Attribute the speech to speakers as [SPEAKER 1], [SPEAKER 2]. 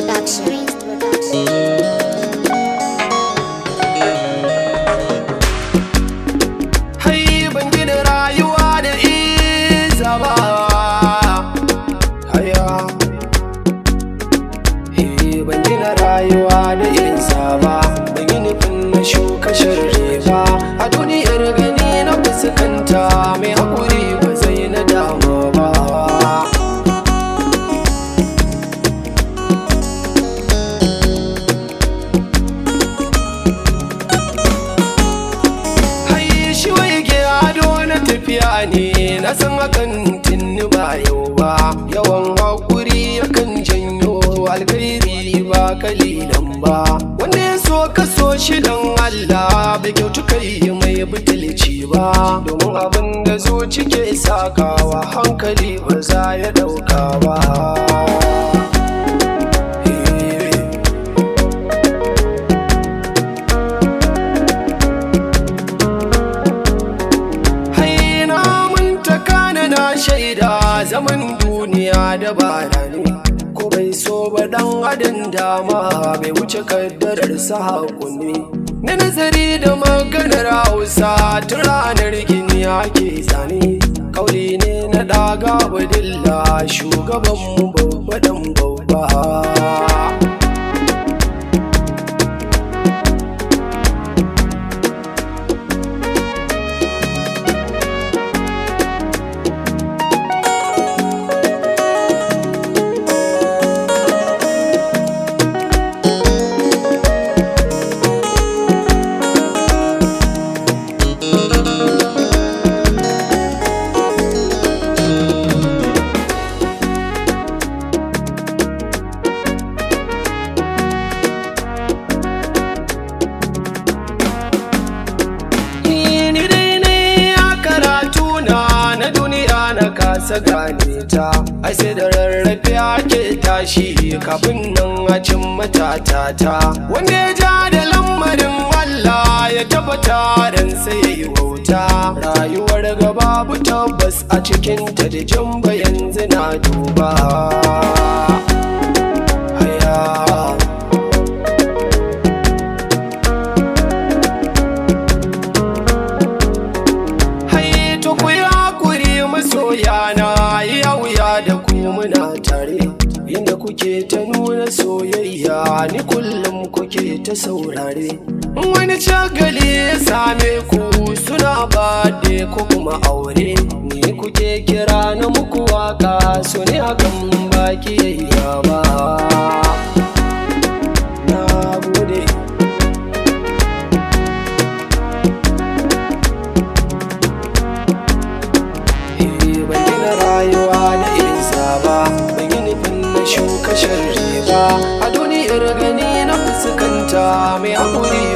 [SPEAKER 1] Production. rayuwa da irinsa eh, ba ban yi nufin na shuka shirin ne na san hakan tinni ba yau ba yawan hakuri akan janyo alkhairi ba kalilan ba wanda ya so ka so shi don Allah bai kyautu kai mai butulci ba domin abin da zuci ke sakawa hankali ba za ya ɗauka ba shaida zaman duniya da ne ko bai so ba dan adam dama bai wuce kaddarar sa hakuni na nazari da maganar hausa tun ranar gini ake zane kauli ne na daga badilla shugaban mu babba dan babba kasa gane ta ai sai da rarrafe ake tashi kafin nan a cin matata ta wanda ya ja da lamarin walla ya tabbata dan sai ya yi wauta rayuwar gaba babu tabbas a cikin ta da jamba yanzu na duba kuke ta nuna soyayya ni kullum kuke ta saurare wani shagali ya same ku suna ba da ku kuma aure ni kuke kira na muku waka su ne hakan baki yayya shuka sharri ba a duniyar gani na fuskanta mai haƙuri